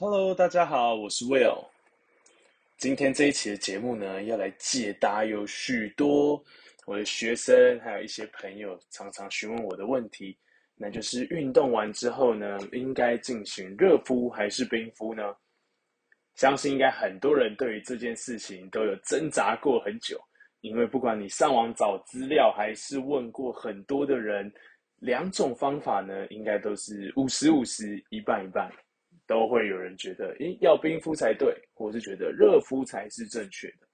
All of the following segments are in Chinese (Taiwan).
Hello，大家好，我是 Will。今天這一期的節目呢，要來解答有許多我的學生還有一些朋友常常詢問我的問題，那就是運動完之後呢，應該進行熱敷還是冰敷呢？相信應該很多人對於這件事情都有掙扎過很久，因為不管你上網找資料還是問過很多的人，兩種方法呢，應該都是五十五十，一半一半。都會有人覺得，誒，要冰敷才對，或是覺得熱敷才是正確的。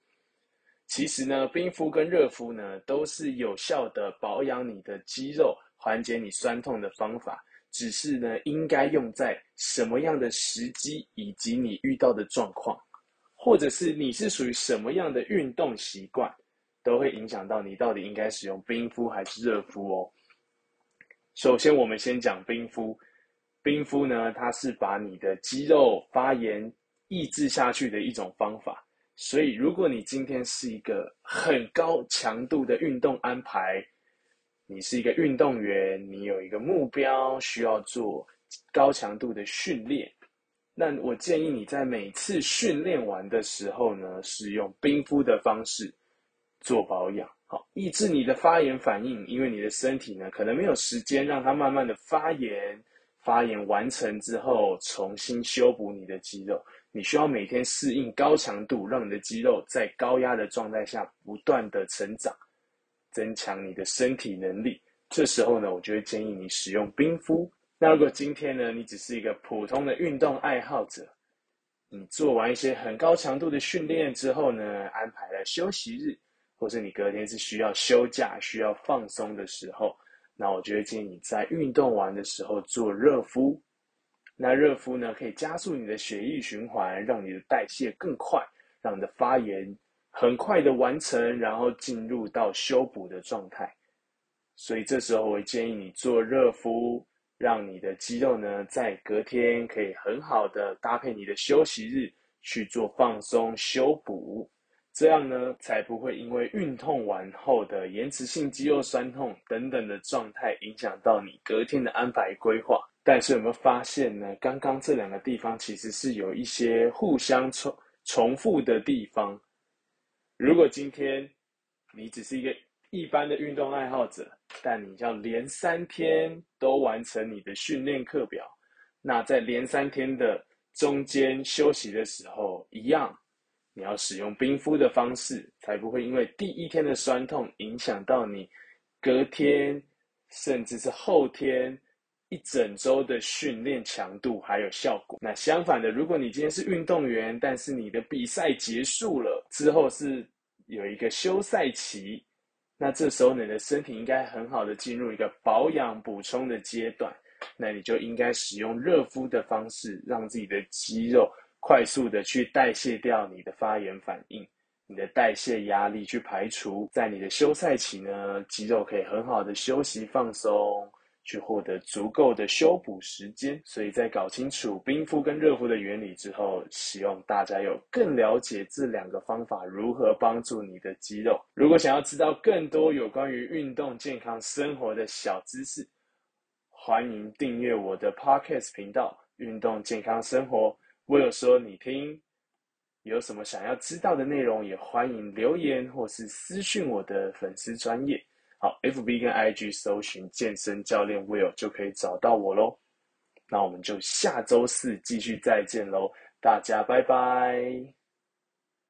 其實呢，冰敷跟熱敷呢，都是有效的保養你的肌肉、緩解你痠痛的方法。只是呢，應該用在什麼樣的時機，以及你遇到的狀況，或者是你是屬於什麼樣的運動習慣，都會影響到你到底應該使用冰敷還是熱敷哦。首先，我們先講冰敷。冰敷呢，它是把你的肌肉發炎抑制下去的一種方法。所以，如果你今天是一個很高強度的運動安排，你是一個運動員，你有一個目標需要做高強度的訓練，那我建議你在每次訓練完的時候呢，使用冰敷的方式做保養，好抑制你的發炎反應，因為你的身體呢，可能沒有時間讓它慢慢的發炎。發炎完成之後，重新修補你的肌肉。你需要每天適應高強度，讓你的肌肉在高壓的狀態下不斷的成長，增強你的身體能力。這時候呢，我就會建議你使用冰敷。那如果今天呢，你只是一個普通的運動愛好者，你做完一些很高強度的訓練之後呢，安排了休息日，或是你隔天是需要休假，需要放鬆的時候，那我就會建議你在運動完的時候做熱敷，那熱敷呢，可以加速你的血液循環，讓你的代謝更快，讓你的發炎很快的完成，然後進入到修補的狀態。所以這時候我會建議你做熱敷，讓你的肌肉呢，在隔天可以很好的搭配你的休息日去做放鬆修補。這樣呢，才不會因為運動完後的延遲性肌肉痠痛等等的狀態，影響到你隔天的安排規劃。但是有沒有發現呢，剛剛這兩個地方其實是有一些互相重重複的地方。如果今天你只是一個一般的運動愛好者，但你要連三天都完成你的訓練課表，那在連三天的中間休息的時候，一樣。你要使用冰敷的方式，才不會因為第一天的痠痛影響到你隔天甚至是後天一整周的訓練強度還有效果。那相反的，如果你今天是運動員，但是你的比賽結束了之後是有一個休賽期，那這時候你的身體應該很好的進入一個保養補充的階段，那你就應該使用熱敷的方式，讓自己的肌肉。快速的去代謝掉你的發炎反應，你的代謝壓力去排除，在你的休賽期呢，肌肉可以很好的休息放鬆，去獲得足夠的修補時間。所以在搞清楚冰敷跟熱敷的原理之後，希望大家有更了解這兩個方法如何幫助你的肌肉。如果想要知道更多有關於運動健康生活的小知識，歡迎訂閱我的 Podcast 頻道《運動健康生活》。Will 說：“你聽，有什麼想要知道的內容，也歡迎留言或是私訊我的粉絲專頁。好，FB 跟 IG 搜尋健身教練 Will 就可以找到我嘍。那我們就下周四繼續再見嘍，大家拜拜。”